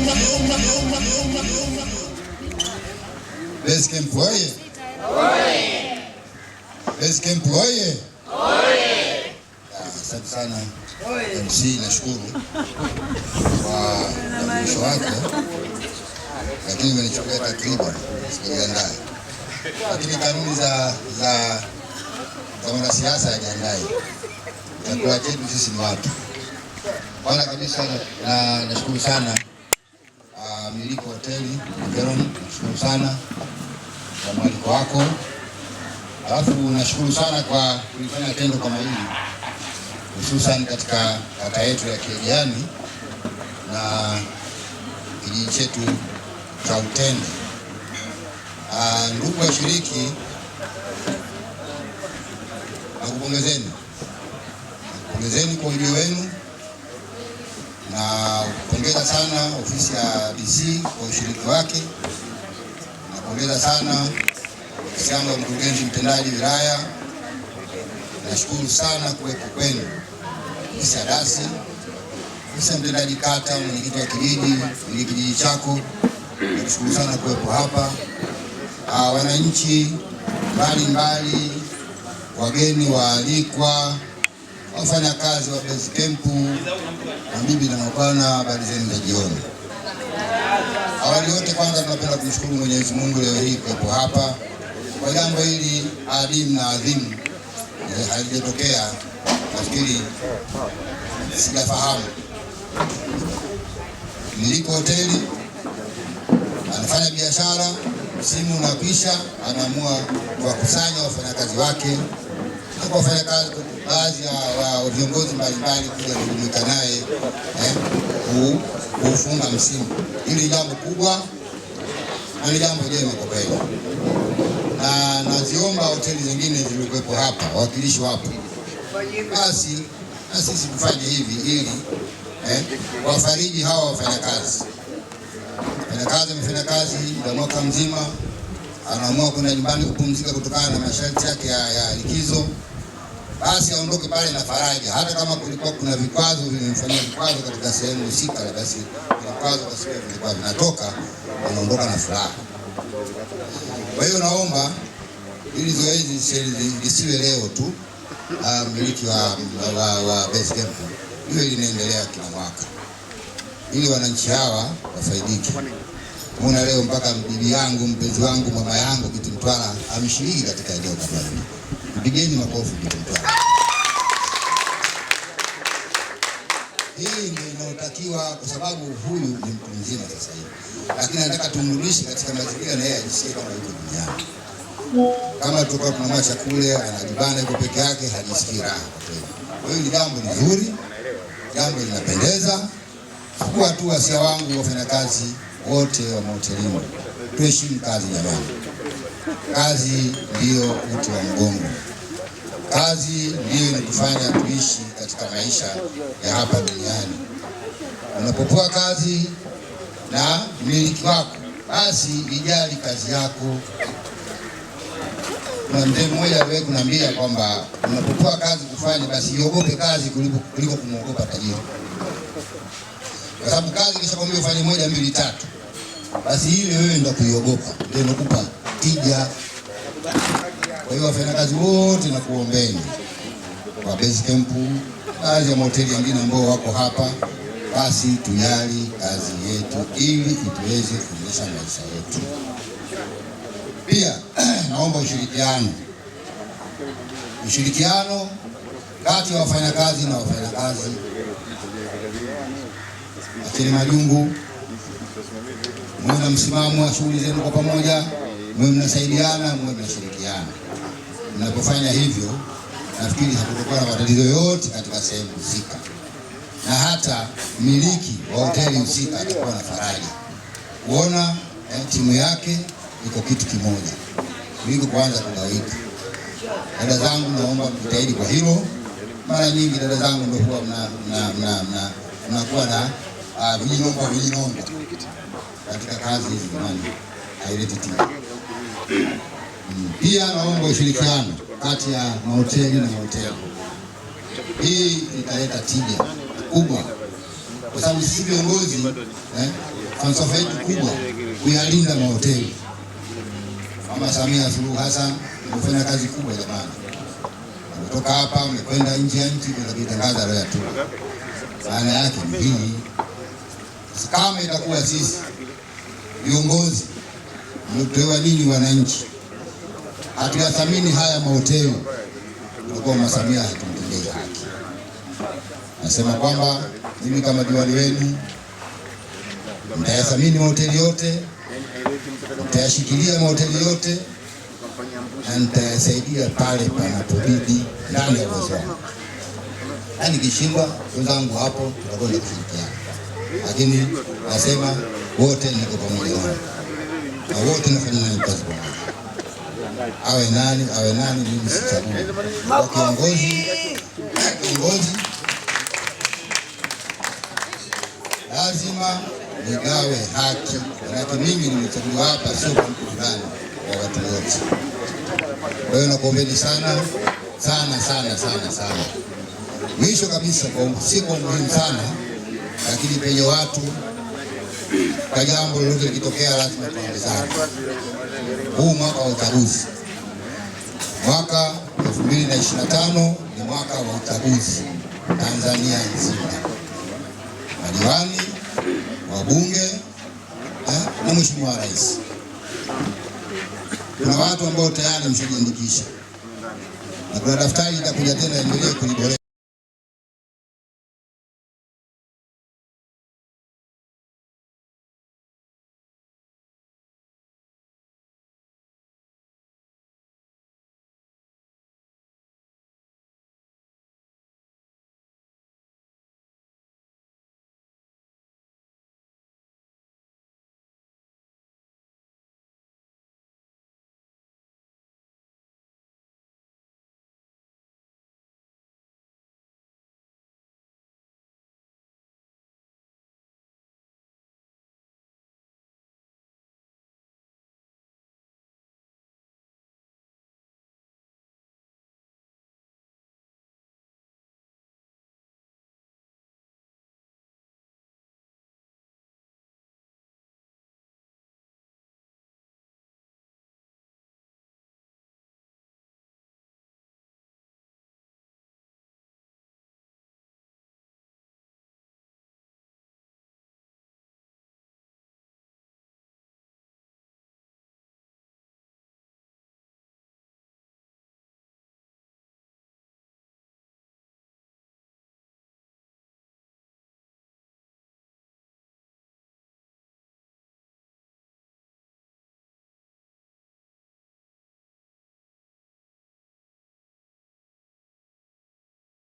Base Camp oye! Base Camp oye! Asante sana MC, nashukuru kwa utambulisho wako, lakini umenichukua takriban sikujiandaa, lakini kanuni za za za mwanasiasa yajiandae. Chakula chetu sisi ni watu bwana kabisa, nashukuru sana uh, miliki wa hoteli Veron, nashukuru sana kwa mwaliko wako, alafu nashukuru sana kwa kulifanya tendo kama hili hususan katika kata yetu ya Kiegani na kijiji chetu cha Utende. Uh, ndugu washiriki, nakupongezeni, nakupongezeni kwa ujio wenu na pongeza sana ofisi ya DC kwa ushiriki wake. Napongeza sana ofisi mkurugenzi mtendaji wilaya. Nashukuru sana kuwepo kwenu, ofisi ya dasi, ofisi ya mtendaji kata, mwenyekiti wa kijiji, mwenye kijiji chako, nakushukuru sana kuwepo hapa. Wananchi mbalimbali, wageni waalikwa wafanya kazi wa base camp, na bibi na mabwana, habari zenu za jioni. Awali yote, kwanza tunapenda kumshukuru Mwenyezi Mungu leo hii kuwepo hapa kwa jambo hili adimu na adhimu, halijatokea nafikiri, sijafahamu. Niliko hoteli, anafanya biashara, msimu unakwisha, anaamua kuwakusanya wafanyakazi wake na kuwafanya kazi baadhi ya viongozi mbalimbali kuja kujumuika naye eh, kufunga msimu. Hili jambo kubwa na ni jambo jema kwa kweli, na naziomba hoteli zingine zilikuwepo hapa, wawakilishi wapo, basi na sisi tufanye hivi ili eh, wafariji hawa wafanyakazi. Mfanyakazi amefanya kazi ya mwaka mzima, anaamua kwenda nyumbani kupumzika kutokana na masharti yake ya likizo basi aondoke pale na faraja, hata kama kulikuwa kuna vikwazo vimemfanyia vikwazo katika sehemu husika, basi vikwazo vilikuwa vinatoka, anaondoka na furaha. Kwa hiyo naomba ili zoezi lisiwe leo tu, mmiliki wa, wa, wa Base Camp hiyo linaendelea kila mwaka, ili wananchi hawa wafaidike. Muna leo mpaka bibi yangu mpenzi wangu mama yangu mtwara amshiriki katika eneo kama hili. Mpigeni makofi. Hii ndio inayotakiwa kwa sababu huyu ni mtu mzima sasa hivi, lakini nataka tumrudishe katika mazingira na yeye ajisikie kama yuko duniani. Kama tulikuwa tunamwacha kule anajibana yuko peke yake, hajisikii raha. Kwa hiyo ni jambo nzuri, jambo linapendeza. Chukua tu wasia wangu, wafanyakazi wote wa mahotelini, tuheshimu kazi jamani. Kazi ndiyo uti wa mgongo, kazi ndiyo inatufanya tuishi katika maisha ya hapa duniani. Unapopewa kazi na mmiliki wako, basi ijali kazi yako. Kuna mzee mmoja aliwahi kuniambia kwamba unapopewa kazi kufanya, basi iogope kazi kuliko kumwogopa tajiri, kwa sababu kazi kisha kwambia ufanye moja mbili tatu, basi hiyo wewe ndio kuiogopa ndio inakupa tija. Kwa hiyo wafanyakazi wote na kuombeni kwa base camp, kazi ya mahoteli mengine ambao wako hapa, basi tujali kazi yetu ili ituweze kuendesha maisha yetu. Pia naomba ushirikiano, ushirikiano kati ya wafanyakazi na wafanyakazi acheni majungu, muona msimamo wa shughuli zenu kwa pamoja mwe mnasaidiana, mwe mnashirikiana. Mnapofanya hivyo, nafikiri hakutokuwa na matatizo yote katika sehemu husika, na hata mmiliki wa hoteli husika atakuwa na faraja kuona eh, timu yake iko kitu kimoja kuliko kuanza kugawika. Dada zangu, naomba mjitahidi kwa hilo. Mara nyingi dada zangu ndio huwa mnakuwa na ah, vijilongo vijilongo katika kazi hizi, jamani, haileti timu. Pia naomba ushirikiano kati ya mahoteli na mahoteli. Hii italeta tija kubwa, kwa sababu sisi viongozi eh, falsafa yetu kubwa kuyalinda mahoteli. Mama Samia Suluhu Hassan amefanya kazi kubwa jamani, ametoka hapa, amekwenda nje ya nchi kutangaza Royal Tour. Maana yake ni hii, kama itakuwa sisi viongozi mpewa nini wananchi? Hatuwathamini haya mahoteli, ulikuwa masamia hatumtendei haki. Nasema kwamba mimi kama diwani wenu mtayathamini mahoteli yote, mtayashikilia mahoteli yote na nitayasaidia pale panapobidi ndani ya uwezo wangu, na yaani nikishindwa wenzangu hapo tutakwenda kushirikiana, lakini nasema wote niko pamoja nao na wote nafanya nani kazi pamoja, awe nani awe nani, mimi sichagui kiongozi. Kiongozi lazima nigawe haki, manake mimi nimechaguliwa hapa, sio kwa mtu fulani, wa watu wote. Kwa hiyo nakuombeni sana sana sana sana sana. Mwisho kabisa, si kwa umuhimu sana, lakini penye watu kwa jambo lolote likitokea, lazima tuambizane. Huu mwaka wa uchaguzi, mwaka 2025 ni mwaka wa uchaguzi Tanzania nzima, madiwani, wabunge eh, na mheshimiwa rais. Kuna watu ambao tayari mshajiandikisha na kuna daftari litakuja tena, endelee kuliboresha.